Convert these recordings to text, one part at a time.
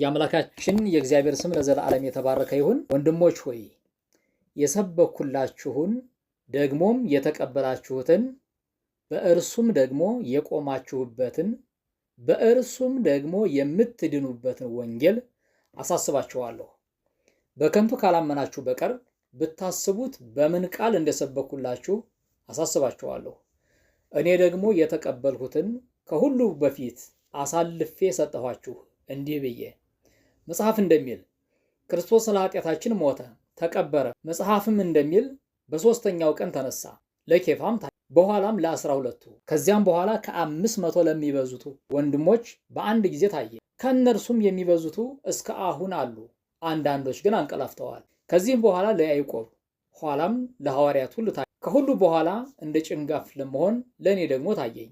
የአምላካችን የእግዚአብሔር ስም ለዘላለም የተባረከ ይሁን። ወንድሞች ሆይ የሰበኩላችሁን ደግሞም የተቀበላችሁትን በእርሱም ደግሞ የቆማችሁበትን በእርሱም ደግሞ የምትድኑበትን ወንጌል አሳስባችኋለሁ። በከንቱ ካላመናችሁ በቀር ብታስቡት በምን ቃል እንደሰበኩላችሁ አሳስባችኋለሁ። እኔ ደግሞ የተቀበልሁትን ከሁሉ በፊት አሳልፌ ሰጠኋችሁ እንዲህ ብዬ መጽሐፍ እንደሚል ክርስቶስ ስለ ኃጢአታችን ሞተ፣ ተቀበረ። መጽሐፍም እንደሚል በሦስተኛው ቀን ተነሳ፣ ለኬፋም በኋላም ለአስራ ሁለቱ ከዚያም በኋላ ከአምስት መቶ ለሚበዙቱ ወንድሞች በአንድ ጊዜ ታየ። ከእነርሱም የሚበዙቱ እስከ አሁን አሉ፣ አንዳንዶች ግን አንቀላፍተዋል። ከዚህም በኋላ ለያይቆብ ኋላም ለሐዋርያት ሁሉ ታየ። ከሁሉ በኋላ እንደ ጭንጋፍ ለመሆን ለእኔ ደግሞ ታየኝ።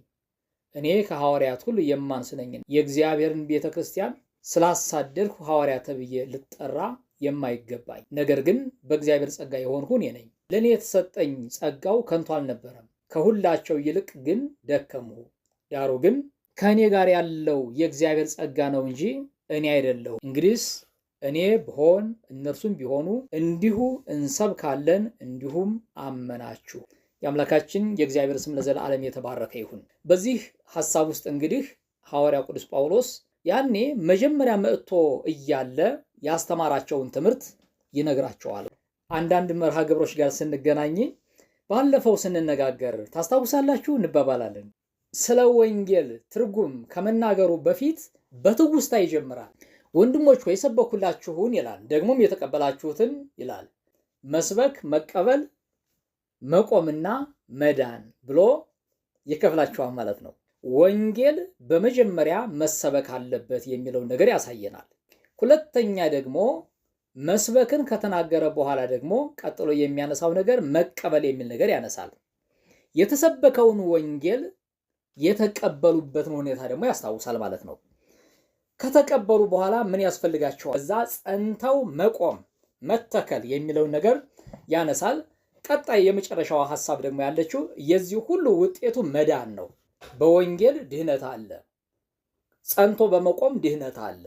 እኔ ከሐዋርያት ሁሉ የማንስ የእግዚአብሔርን ቤተ ክርስቲያን ስላሳደድኩ ሐዋርያ ተብዬ ልጠራ የማይገባኝ፣ ነገር ግን በእግዚአብሔር ጸጋ የሆንሁ እኔ ነኝ። ለእኔ የተሰጠኝ ጸጋው ከንቱ አልነበረም፣ ከሁላቸው ይልቅ ግን ደከምሁ። ዳሩ ግን ከእኔ ጋር ያለው የእግዚአብሔር ጸጋ ነው እንጂ እኔ አይደለሁ። እንግዲስ እኔ ብሆን እነርሱም ቢሆኑ እንዲሁ እንሰብካለን፣ እንዲሁም አመናችሁ። የአምላካችን የእግዚአብሔር ስም ለዘላለም የተባረከ ይሁን። በዚህ ሐሳብ ውስጥ እንግዲህ ሐዋርያው ቅዱስ ጳውሎስ ያኔ መጀመሪያ መጥቶ እያለ ያስተማራቸውን ትምህርት ይነግራቸዋል። አንዳንድ መርሃ ግብሮች ጋር ስንገናኝ ባለፈው ስንነጋገር ታስታውሳላችሁ፣ እንባባላለን። ስለ ወንጌል ትርጉም ከመናገሩ በፊት በትውስታ ይጀምራል። ወንድሞች ወይ ሰበኩላችሁን ይላል፣ ደግሞም የተቀበላችሁትን ይላል። መስበክ መቀበል መቆምና መዳን ብሎ ይከፍላችኋል ማለት ነው። ወንጌል በመጀመሪያ መሰበክ አለበት የሚለውን ነገር ያሳየናል። ሁለተኛ ደግሞ መስበክን ከተናገረ በኋላ ደግሞ ቀጥሎ የሚያነሳው ነገር መቀበል የሚል ነገር ያነሳል። የተሰበከውን ወንጌል የተቀበሉበትን ሁኔታ ደግሞ ያስታውሳል ማለት ነው። ከተቀበሉ በኋላ ምን ያስፈልጋቸዋል? እዛ ጸንተው መቆም መተከል የሚለውን ነገር ያነሳል። ቀጣይ የመጨረሻው ሐሳብ ደግሞ ያለችው የዚህ ሁሉ ውጤቱ መዳን ነው። በወንጌል ድህነት አለ። ጸንቶ በመቆም ድህነት አለ።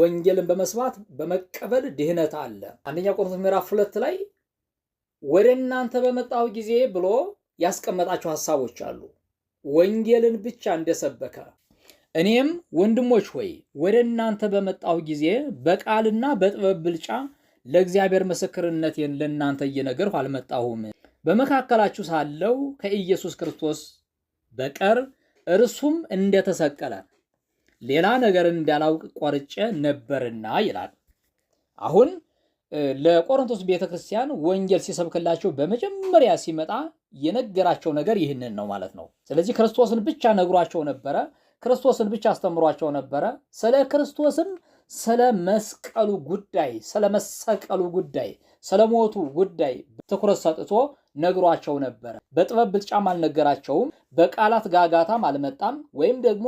ወንጌልን በመስማት በመቀበል ድህነት አለ። አንደኛ ቆሮንቶስ ምዕራፍ ሁለት ላይ ወደ እናንተ በመጣሁ ጊዜ ብሎ ያስቀመጣቸው ሐሳቦች አሉ። ወንጌልን ብቻ እንደሰበከ እኔም ወንድሞች ሆይ ወደ እናንተ በመጣሁ ጊዜ በቃልና በጥበብ ብልጫ ለእግዚአብሔር ምስክርነቴን ለእናንተ እየነገርሁ አልመጣሁም። በመካከላችሁ ሳለው ከኢየሱስ ክርስቶስ በቀር እርሱም እንደተሰቀለ ሌላ ነገር እንዳላውቅ ቆርጬ ነበርና ይላል። አሁን ለቆሮንቶስ ቤተ ክርስቲያን ወንጌል ሲሰብክላቸው በመጀመሪያ ሲመጣ የነገራቸው ነገር ይህንን ነው ማለት ነው። ስለዚህ ክርስቶስን ብቻ ነግሯቸው ነበረ። ክርስቶስን ብቻ አስተምሯቸው ነበረ። ስለ ክርስቶስም ስለ መስቀሉ ጉዳይ፣ ስለ መሰቀሉ ጉዳይ፣ ስለ ሞቱ ጉዳይ ትኩረት ሰጥቶ ነግሯቸው ነበረ። በጥበብ ብልጫም አልነገራቸውም፣ በቃላት ጋጋታም አልመጣም፣ ወይም ደግሞ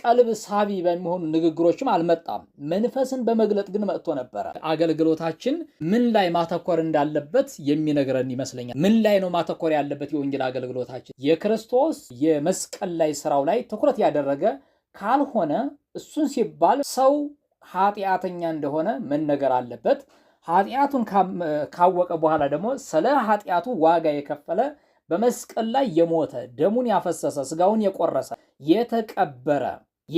ቀልብ ሳቢ በሚሆኑ ንግግሮችም አልመጣም። መንፈስን በመግለጥ ግን መጥቶ ነበረ። አገልግሎታችን ምን ላይ ማተኮር እንዳለበት የሚነግረን ይመስለኛል። ምን ላይ ነው ማተኮር ያለበት የወንጌል አገልግሎታችን? የክርስቶስ የመስቀል ላይ ስራው ላይ ትኩረት ያደረገ ካልሆነ እሱን ሲባል ሰው ኃጢአተኛ እንደሆነ መነገር አለበት። ኃጢአቱን ካወቀ በኋላ ደግሞ ስለ ኃጢአቱ ዋጋ የከፈለ በመስቀል ላይ የሞተ ደሙን ያፈሰሰ ስጋውን የቆረሰ የተቀበረ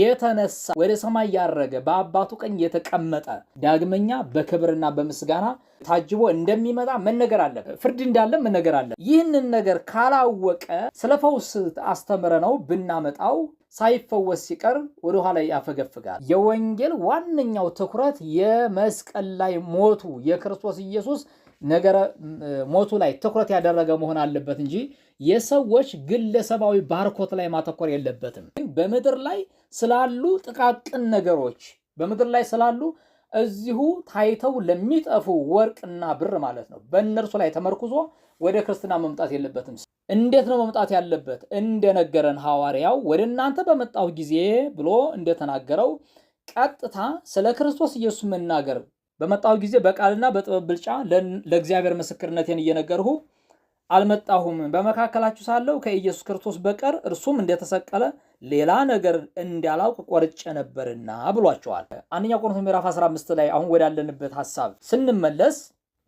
የተነሳ ወደ ሰማይ ያረገ በአባቱ ቀኝ የተቀመጠ ዳግመኛ በክብርና በምስጋና ታጅቦ እንደሚመጣ መነገር አለ። ፍርድ እንዳለ መነገር አለ። ይህንን ነገር ካላወቀ ስለ ፈውስ አስተምረ ነው ብናመጣው ሳይፈወስ ሲቀር ወደኋላ ያፈገፍጋል። የወንጌል ዋነኛው ትኩረት የመስቀል ላይ ሞቱ የክርስቶስ ኢየሱስ ነገረ ሞቱ ላይ ትኩረት ያደረገ መሆን አለበት እንጂ የሰዎች ግለሰባዊ ባርኮት ላይ ማተኮር የለበትም። በምድር ላይ ስላሉ ጥቃቅን ነገሮች በምድር ላይ ስላሉ እዚሁ ታይተው ለሚጠፉ ወርቅና ብር ማለት ነው። በእነርሱ ላይ ተመርኩዞ ወደ ክርስትና መምጣት የለበትም። እንዴት ነው መምጣት ያለበት? እንደነገረን ሐዋርያው ወደ እናንተ በመጣሁ ጊዜ ብሎ እንደተናገረው ቀጥታ ስለ ክርስቶስ ኢየሱስ መናገር በመጣሁ ጊዜ በቃልና በጥበብ ብልጫ ለእግዚአብሔር ምስክርነቴን እየነገርሁ አልመጣሁም። በመካከላችሁ ሳለሁ ከኢየሱስ ክርስቶስ በቀር እርሱም እንደተሰቀለ ሌላ ነገር እንዳላውቅ ቆርጬ ነበርና ብሏቸዋል። አንደኛ ቆሮንቶስ ምዕራፍ 15 ላይ አሁን ወዳለንበት ሐሳብ ስንመለስ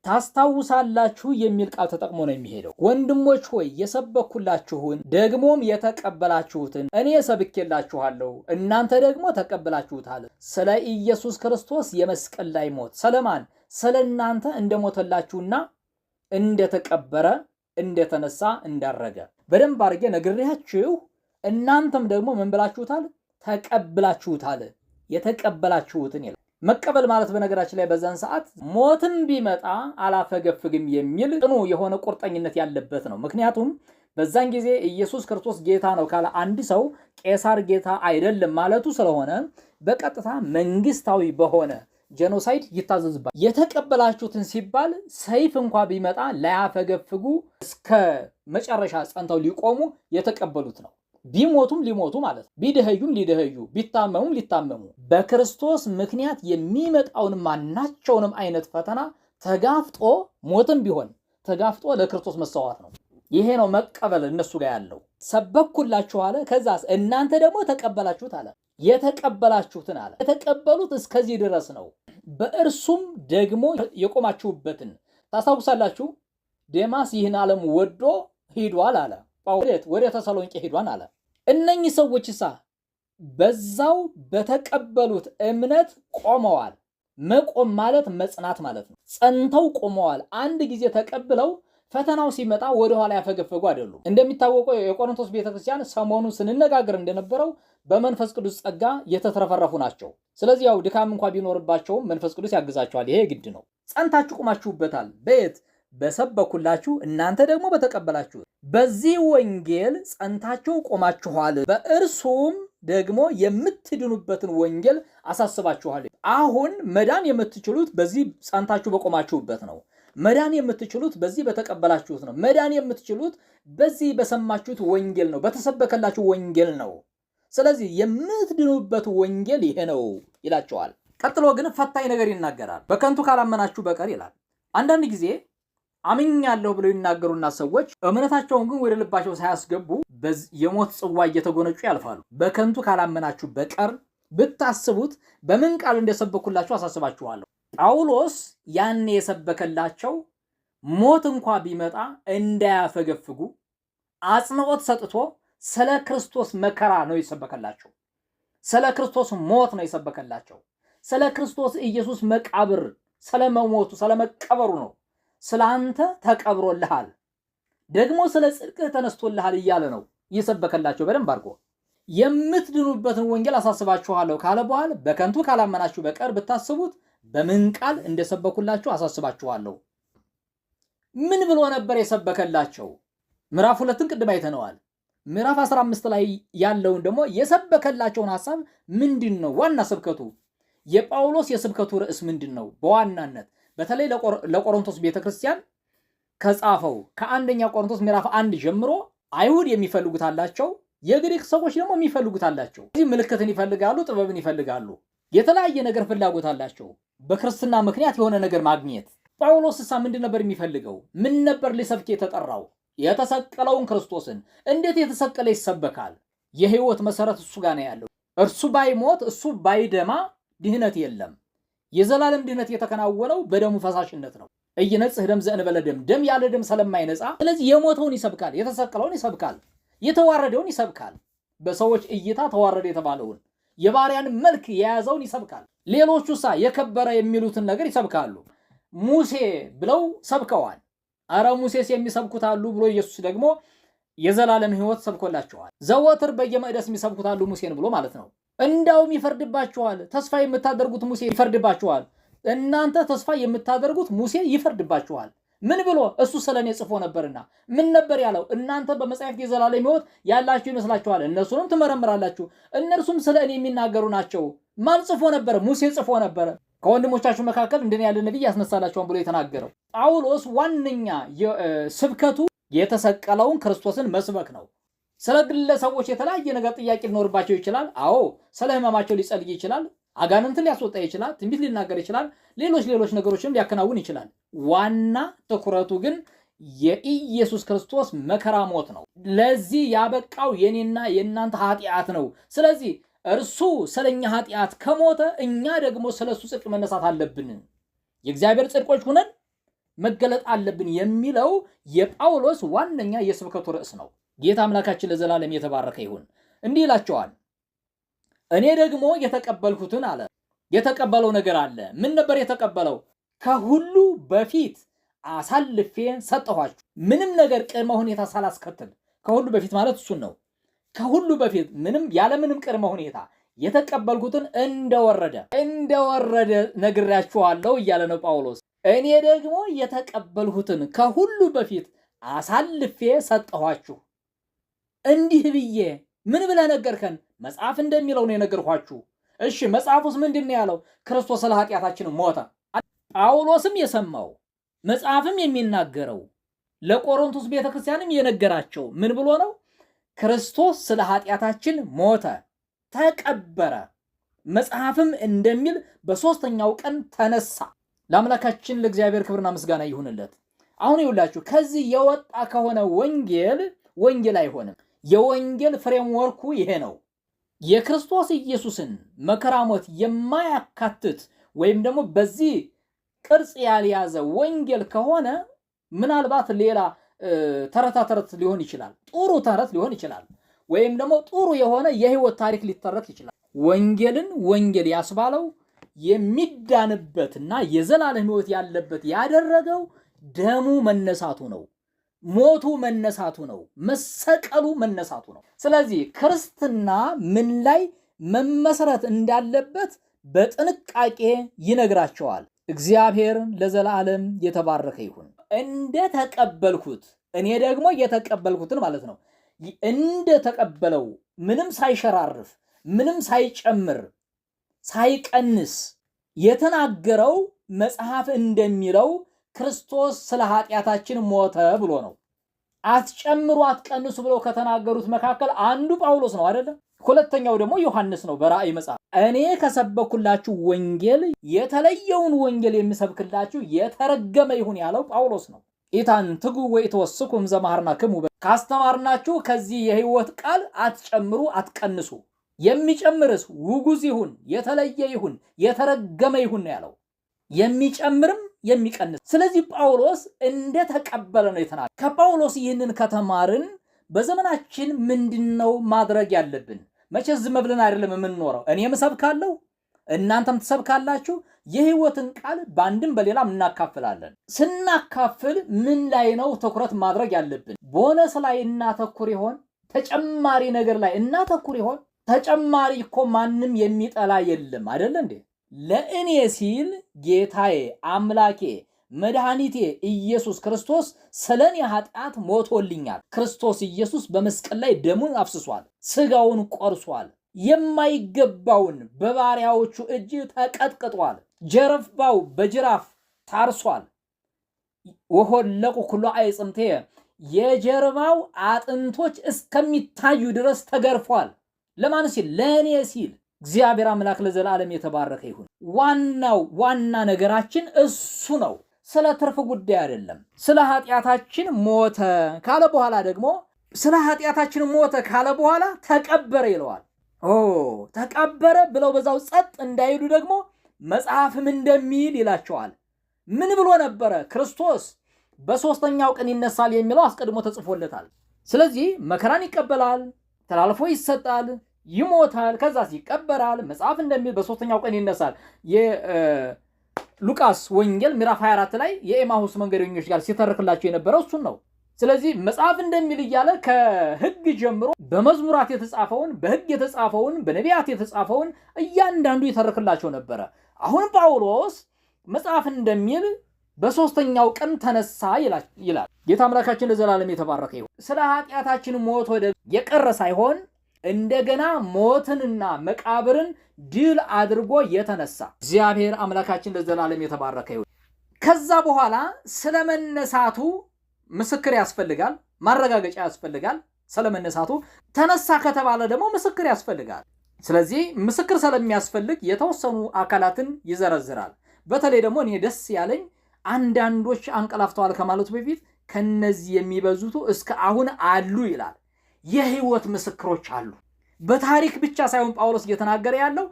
ታስታውሳላችሁ የሚል ቃል ተጠቅሞ ነው የሚሄደው። ወንድሞች ሆይ የሰበኩላችሁን ደግሞም የተቀበላችሁትን እኔ ሰብኬላችኋለሁ፣ እናንተ ደግሞ ተቀበላችሁታል። ስለ ኢየሱስ ክርስቶስ የመስቀል ላይ ሞት ስለማን ስለ እናንተ እንደሞተላችሁና እንደተቀበረ እንደተነሳ እንዳረገ በደንብ አድርጌ ነግሬያችሁ፣ እናንተም ደግሞ ምን ብላችሁታል? ተቀብላችሁታል። የተቀበላችሁትን ይላል። መቀበል ማለት በነገራችን ላይ በዛን ሰዓት ሞትም ቢመጣ አላፈገፍግም የሚል ጥኑ የሆነ ቁርጠኝነት ያለበት ነው። ምክንያቱም በዛን ጊዜ ኢየሱስ ክርስቶስ ጌታ ነው ካለ አንድ ሰው ቄሳር ጌታ አይደለም ማለቱ ስለሆነ በቀጥታ መንግስታዊ በሆነ ጀኖሳይድ ይታዘዝባል። የተቀበላችሁትን ሲባል ሰይፍ እንኳ ቢመጣ ላያፈገፍጉ እስከ መጨረሻ ጸንተው ሊቆሙ የተቀበሉት ነው። ቢሞቱም ሊሞቱ ማለት ነው፣ ቢደኸዩም ሊደኸዩ፣ ቢታመሙም ሊታመሙ በክርስቶስ ምክንያት የሚመጣውን ማናቸውንም አይነት ፈተና ተጋፍጦ ሞትም ቢሆን ተጋፍጦ ለክርስቶስ መሰዋት ነው። ይሄ ነው መቀበል እነሱ ጋር ያለው። ሰበኩላችሁ አለ። ከዛ እናንተ ደግሞ ተቀበላችሁት አለ። የተቀበላችሁትን አለ። የተቀበሉት እስከዚህ ድረስ ነው። በእርሱም ደግሞ የቆማችሁበትን ታስታውሳላችሁ። ዴማስ ይህን ዓለም ወዶ ሂዷል አለ ጳውሎስ ወደ ተሰሎንቄ ሄዷን አለ። እነኚህ ሰዎች ሳ በዛው በተቀበሉት እምነት ቆመዋል። መቆም ማለት መጽናት ማለት ነው። ጸንተው ቆመዋል። አንድ ጊዜ ተቀብለው ፈተናው ሲመጣ ወደኋላ ያፈገፈጉ አይደሉም። እንደሚታወቀው የቆሮንቶስ ቤተክርስቲያን ሰሞኑ ስንነጋገር እንደነበረው በመንፈስ ቅዱስ ጸጋ የተትረፈረፉ ናቸው። ስለዚህ ያው ድካም እንኳ ቢኖርባቸውም መንፈስ ቅዱስ ያግዛቸዋል። ይሄ ግድ ነው። ጸንታችሁ ቁማችሁበታል። በየት በሰበኩላችሁ እናንተ ደግሞ በተቀበላችሁ በዚህ ወንጌል ጸንታችሁ ቆማችኋል፣ በእርሱም ደግሞ የምትድኑበትን ወንጌል አሳስባችኋል። አሁን መዳን የምትችሉት በዚህ ጸንታችሁ በቆማችሁበት ነው። መዳን የምትችሉት በዚህ በተቀበላችሁት ነው። መዳን የምትችሉት በዚህ በሰማችሁት ወንጌል ነው፣ በተሰበከላችሁ ወንጌል ነው። ስለዚህ የምትድኑበት ወንጌል ይሄ ነው ይላቸዋል። ቀጥሎ ግን ፈታኝ ነገር ይናገራል። በከንቱ ካላመናችሁ በቀር ይላል። አንዳንድ ጊዜ አምኛለሁ ብለው ይናገሩና ሰዎች እምነታቸውን ግን ወደ ልባቸው ሳያስገቡ የሞት ጽዋ እየተጎነጩ ያልፋሉ። በከንቱ ካላመናችሁ በቀር ብታስቡት በምን ቃል እንደሰበኩላችሁ አሳስባችኋለሁ። ጳውሎስ ያኔ የሰበከላቸው ሞት እንኳ ቢመጣ እንዳያፈገፍጉ አጽንኦት ሰጥቶ ስለ ክርስቶስ መከራ ነው የሰበከላቸው። ስለ ክርስቶስ ሞት ነው የሰበከላቸው። ስለ ክርስቶስ ኢየሱስ መቃብር ስለመሞቱ ስለመቀበሩ ነው ስለ አንተ ተቀብሮልሃል፣ ደግሞ ስለ ጽድቅህ ተነስቶልሃል እያለ ነው እየሰበከላቸው በደንብ አድርጎ የምትድኑበትን ወንጌል አሳስባችኋለሁ ካለ በኋላ በከንቱ ካላመናችሁ በቀር ብታስቡት በምን ቃል እንደሰበኩላችሁ አሳስባችኋለሁ። ምን ብሎ ነበር የሰበከላቸው? ምዕራፍ ሁለትን ቅድም አይተነዋል። ምዕራፍ 15 ላይ ያለውን ደግሞ የሰበከላቸውን ሐሳብ ምንድን ነው? ዋና ስብከቱ የጳውሎስ የስብከቱ ርዕስ ምንድን ነው? በዋናነት በተለይ ለቆሮንቶስ ቤተክርስቲያን ከጻፈው ከአንደኛ ቆሮንቶስ ምዕራፍ አንድ ጀምሮ አይሁድ የሚፈልጉት አላቸው፣ የግሪክ ሰዎች ደግሞ የሚፈልጉት አላቸው። እዚህ ምልክትን ይፈልጋሉ፣ ጥበብን ይፈልጋሉ፣ የተለያየ ነገር ፍላጎት አላቸው። በክርስትና ምክንያት የሆነ ነገር ማግኘት። ጳውሎስ እሳ ምንድን ነበር የሚፈልገው? ምን ነበር ሊሰብክ የተጠራው? የተሰቀለውን ክርስቶስን። እንዴት የተሰቀለ ይሰበካል? የህይወት መሰረት እሱ ጋር ነው ያለው። እርሱ ባይሞት እሱ ባይደማ ድህነት የለም። የዘላለም ድህነት የተከናወነው በደሙ ፈሳሽነት ነው። እይነጽህ ደም ዘእንበለ ደም፣ ደም ያለ ደም ስለማይነጻ፣ ስለዚህ የሞተውን ይሰብካል፣ የተሰቀለውን ይሰብካል፣ የተዋረደውን ይሰብካል። በሰዎች እይታ ተዋረደ የተባለውን የባሪያን መልክ የያዘውን ይሰብካል። ሌሎቹ ሳ የከበረ የሚሉትን ነገር ይሰብካሉ። ሙሴ ብለው ሰብከዋል። አረ ሙሴስ የሚሰብኩት አሉ ብሎ ኢየሱስ ደግሞ የዘላለም ሕይወት ሰብኮላቸዋል። ዘወትር በየመቅደስ የሚሰብኩት አሉ ሙሴን ብሎ ማለት ነው። እንዳውም ይፈርድባችኋል። ተስፋ የምታደርጉት ሙሴ ይፈርድባችኋል። እናንተ ተስፋ የምታደርጉት ሙሴ ይፈርድባችኋል። ምን ብሎ እሱ ስለ እኔ ጽፎ ነበርና። ምን ነበር ያለው? እናንተ በመጽሐፍት የዘላለም ሕይወት ያላችሁ ይመስላችኋል፣ እነሱንም ትመረምራላችሁ፣ እነርሱም ስለ እኔ የሚናገሩ ናቸው። ማን ጽፎ ነበር? ሙሴ ጽፎ ነበር? ከወንድሞቻችሁ መካከል እንደኔ ያለ ነቢይ ያስነሳላችኋል ብሎ የተናገረው ጳውሎስ ዋነኛ ስብከቱ የተሰቀለውን ክርስቶስን መስበክ ነው። ስለ ግለሰቦች የተለያየ ነገር ጥያቄ ሊኖርባቸው ይችላል። አዎ ስለ ህመማቸው ሊጸልይ ይችላል። አጋንንትን ሊያስወጣ ይችላል። ትንቢት ሊናገር ይችላል። ሌሎች ሌሎች ነገሮችም ሊያከናውን ይችላል። ዋና ትኩረቱ ግን የኢየሱስ ክርስቶስ መከራ ሞት ነው። ለዚህ ያበቃው የኔና የእናንተ ኃጢአት ነው። ስለዚህ እርሱ ስለኛ ኃጢአት ከሞተ እኛ ደግሞ ስለ እሱ ጽድቅ መነሳት አለብን። የእግዚአብሔር ጽድቆች ሁነን መገለጥ አለብን የሚለው የጳውሎስ ዋነኛ የስብከቱ ርዕስ ነው። ጌታ አምላካችን ለዘላለም የተባረከ ይሁን። እንዲህ ይላቸዋል። እኔ ደግሞ የተቀበልኩትን አለ። የተቀበለው ነገር አለ። ምን ነበር የተቀበለው? ከሁሉ በፊት አሳልፌ ሰጠኋችሁ። ምንም ነገር ቅድመ ሁኔታ ሳላስከትል ከሁሉ በፊት ማለት እሱን ነው። ከሁሉ በፊት ምንም ያለምንም ቅድመ ሁኔታ የተቀበልኩትን እንደወረደ እንደወረደ ነግሬያችኋለሁ እያለ ነው ጳውሎስ። እኔ ደግሞ የተቀበልሁትን ከሁሉ በፊት አሳልፌ ሰጠኋችሁ። እንዲህ ብዬ ምን ብለህ ነገርከን? መጽሐፍ እንደሚለው ነው የነገርኳችሁ። እሺ መጽሐፉስ ምንድን ነው ያለው? ክርስቶስ ስለ ኃጢአታችን ሞተ። ጳውሎስም የሰማው መጽሐፍም የሚናገረው ለቆሮንቶስ ቤተ ክርስቲያንም የነገራቸው ምን ብሎ ነው? ክርስቶስ ስለ ኃጢአታችን ሞተ፣ ተቀበረ፣ መጽሐፍም እንደሚል በሦስተኛው ቀን ተነሳ። ለአምላካችን ለእግዚአብሔር ክብርና ምስጋና ይሁንለት። አሁን ይውላችሁ ከዚህ የወጣ ከሆነ ወንጌል ወንጌል አይሆንም። የወንጌል ፍሬምወርኩ ይሄ ነው። የክርስቶስ ኢየሱስን መከራሞት የማያካትት ወይም ደግሞ በዚህ ቅርጽ ያልያዘ ወንጌል ከሆነ ምናልባት ሌላ ተረታ ተረት ሊሆን ይችላል፣ ጥሩ ተረት ሊሆን ይችላል፣ ወይም ደግሞ ጥሩ የሆነ የህይወት ታሪክ ሊተረት ይችላል። ወንጌልን ወንጌል ያስባለው የሚዳንበትና የዘላለም ህይወት ያለበት ያደረገው ደሙ መነሳቱ ነው። ሞቱ መነሳቱ ነው፣ መሰቀሉ መነሳቱ ነው። ስለዚህ ክርስትና ምን ላይ መመሰረት እንዳለበት በጥንቃቄ ይነግራቸዋል። እግዚአብሔር ለዘላለም የተባረከ ይሁን። እንደ ተቀበልኩት እኔ ደግሞ የተቀበልኩትን ማለት ነው እንደ ተቀበለው ምንም ሳይሸራርፍ ምንም ሳይጨምር ሳይቀንስ የተናገረው መጽሐፍ እንደሚለው ክርስቶስ ስለ ኃጢአታችን ሞተ ብሎ ነው። አትጨምሩ አትቀንሱ ብለው ከተናገሩት መካከል አንዱ ጳውሎስ ነው አይደለም። ሁለተኛው ደግሞ ዮሐንስ ነው በራእይ መጽሐፍ እኔ ከሰበኩላችሁ ወንጌል የተለየውን ወንጌል የሚሰብክላችሁ የተረገመ ይሁን ያለው ጳውሎስ ነው። ኢታን ትጉ ዘማርና ክሙ ካስተማርናችሁ ከዚህ የህይወት ቃል አትጨምሩ አትቀንሱ። የሚጨምርስ ውጉዝ ይሁን የተለየ ይሁን የተረገመ ይሁን ነው ያለው። የሚጨምርም የሚቀንስ። ስለዚህ ጳውሎስ እንደተቀበለ ነው የተናገረ። ከጳውሎስ ይህንን ከተማርን በዘመናችን ምንድን ነው ማድረግ ያለብን? መቼ ዝም ብለን አይደለም የምንኖረው። እኔም እሰብካለሁ፣ እናንተም ትሰብካላችሁ። የህይወትን ቃል በአንድም በሌላም እናካፍላለን። ስናካፍል ምን ላይ ነው ትኩረት ማድረግ ያለብን? ቦነስ ላይ እናተኩር ይሆን? ተጨማሪ ነገር ላይ እናተኩር ይሆን? ተጨማሪ እኮ ማንም የሚጠላ የለም አይደለ እንዴ? ለእኔ ሲል ጌታዬ አምላኬ መድኃኒቴ ኢየሱስ ክርስቶስ ስለ እኔ ኃጢአት ሞቶልኛል። ክርስቶስ ኢየሱስ በመስቀል ላይ ደሙን አፍስሷል፣ ስጋውን ቆርሷል፣ የማይገባውን በባሪያዎቹ እጅ ተቀጥቅጧል፣ ጀርባው በጅራፍ ታርሷል። ወሆለቁ ኩሎ አይጽምቴ የጀርባው አጥንቶች እስከሚታዩ ድረስ ተገርፏል። ለማን ሲል? ለእኔ ሲል እግዚአብሔር አምላክ ለዘላለም የተባረከ ይሁን። ዋናው ዋና ነገራችን እሱ ነው። ስለ ትርፍ ጉዳይ አይደለም። ስለ ኃጢአታችን ሞተ ካለ በኋላ ደግሞ ስለ ኃጢአታችን ሞተ ካለ በኋላ ተቀበረ ይለዋል። ኦ ተቀበረ ብለው በዛው ጸጥ እንዳይሉ ደግሞ መጽሐፍም እንደሚል ይላቸዋል። ምን ብሎ ነበረ? ክርስቶስ በሦስተኛው ቀን ይነሳል የሚለው አስቀድሞ ተጽፎለታል። ስለዚህ መከራን ይቀበላል፣ ተላልፎ ይሰጣል፣ ይሞታል፣ ከዛስ ይቀበራል። መጽሐፍ እንደሚል በሶስተኛው ቀን ይነሳል። የሉቃስ ወንጌል ምዕራፍ 24 ላይ የኤማሁስ መንገደኞች ጋር ሲተርክላቸው የነበረው እሱን ነው። ስለዚህ መጽሐፍ እንደሚል እያለ ከሕግ ጀምሮ በመዝሙራት የተጻፈውን በሕግ የተጻፈውን በነቢያት የተጻፈውን እያንዳንዱ ይተርክላቸው ነበረ። አሁን ጳውሎስ መጽሐፍ እንደሚል በሶስተኛው ቀን ተነሳ ይላል። ጌታ አምላካችን ለዘላለም የተባረከ ይሁን። ስለ ኃጢአታችን ሞት ወደ የቀረ ሳይሆን እንደገና ሞትንና መቃብርን ድል አድርጎ የተነሳ እግዚአብሔር አምላካችን ለዘላለም የተባረከ ይሁን። ከዛ በኋላ ስለ መነሳቱ ምስክር ያስፈልጋል፣ ማረጋገጫ ያስፈልጋል። ስለ መነሳቱ ተነሳ ከተባለ ደግሞ ምስክር ያስፈልጋል። ስለዚህ ምስክር ስለሚያስፈልግ የተወሰኑ አካላትን ይዘረዝራል። በተለይ ደግሞ እኔ ደስ ያለኝ አንዳንዶች አንቀላፍተዋል ከማለቱ በፊት ከነዚህ የሚበዙቱ እስከ አሁን አሉ ይላል። የህይወት ምስክሮች አሉ። በታሪክ ብቻ ሳይሆን ጳውሎስ እየተናገረ ያለው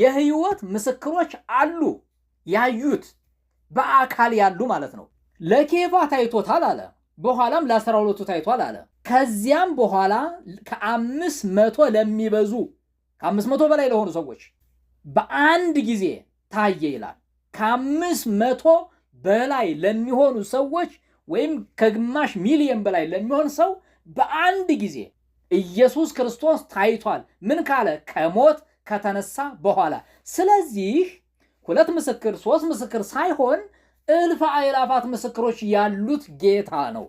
የህይወት ምስክሮች አሉ፣ ያዩት በአካል ያሉ ማለት ነው። ለኬፋ ታይቶታል አለ። በኋላም ለአስራ ሁለቱ ታይቷል አለ። ከዚያም በኋላ ከአምስት መቶ ለሚበዙ ከአምስት መቶ በላይ ለሆኑ ሰዎች በአንድ ጊዜ ታየ ይላል። ከአምስት መቶ በላይ ለሚሆኑ ሰዎች ወይም ከግማሽ ሚሊየን በላይ ለሚሆን ሰው በአንድ ጊዜ ኢየሱስ ክርስቶስ ታይቷል። ምን ካለ? ከሞት ከተነሳ በኋላ። ስለዚህ ሁለት ምስክር ሶስት ምስክር ሳይሆን እልፍ አእላፋት ምስክሮች ያሉት ጌታ ነው።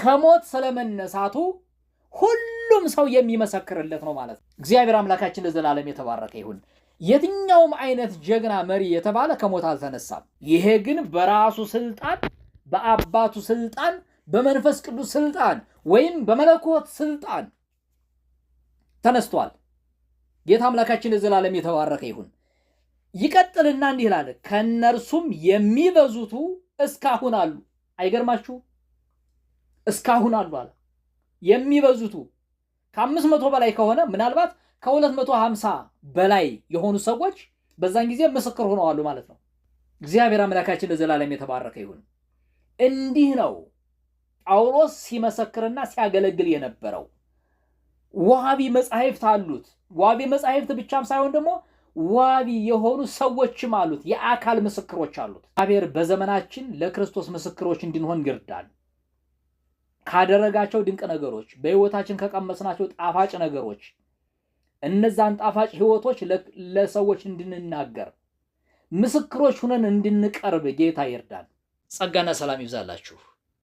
ከሞት ስለመነሳቱ ሁሉም ሰው የሚመሰክርለት ነው ማለት ነው። እግዚአብሔር አምላካችን ለዘላለም የተባረከ ይሁን። የትኛውም አይነት ጀግና መሪ የተባለ ከሞት አልተነሳም። ይሄ ግን በራሱ ስልጣን፣ በአባቱ ስልጣን በመንፈስ ቅዱስ ስልጣን ወይም በመለኮት ስልጣን ተነስቷል። ጌታ አምላካችን ለዘላለም የተባረከ ይሁን። ይቀጥልና እንዲህ ይላል፣ ከእነርሱም የሚበዙቱ እስካሁን አሉ። አይገርማችሁ? እስካሁን አሉ አለ። የሚበዙቱ ከአምስት መቶ በላይ ከሆነ ምናልባት ከሁለት መቶ ሀምሳ በላይ የሆኑ ሰዎች በዛን ጊዜ ምስክር ሆነዋሉ ማለት ነው። እግዚአብሔር አምላካችን ለዘላለም የተባረከ ይሁን። እንዲህ ነው ጳውሎስ ሲመሰክርና ሲያገለግል የነበረው። ዋቢ መጻሕፍት አሉት። ዋቢ መጻሕፍት ብቻም ሳይሆን ደግሞ ዋቢ የሆኑ ሰዎችም አሉት፣ የአካል ምስክሮች አሉት። እግዚአብሔር በዘመናችን ለክርስቶስ ምስክሮች እንድንሆን ይርዳል። ካደረጋቸው ድንቅ ነገሮች፣ በሕይወታችን ከቀመስናቸው ጣፋጭ ነገሮች እነዛን ጣፋጭ ሕይወቶች ለሰዎች እንድንናገር ምስክሮች ሁነን እንድንቀርብ ጌታ ይርዳል ጸጋና ሰላም ይብዛላችሁ።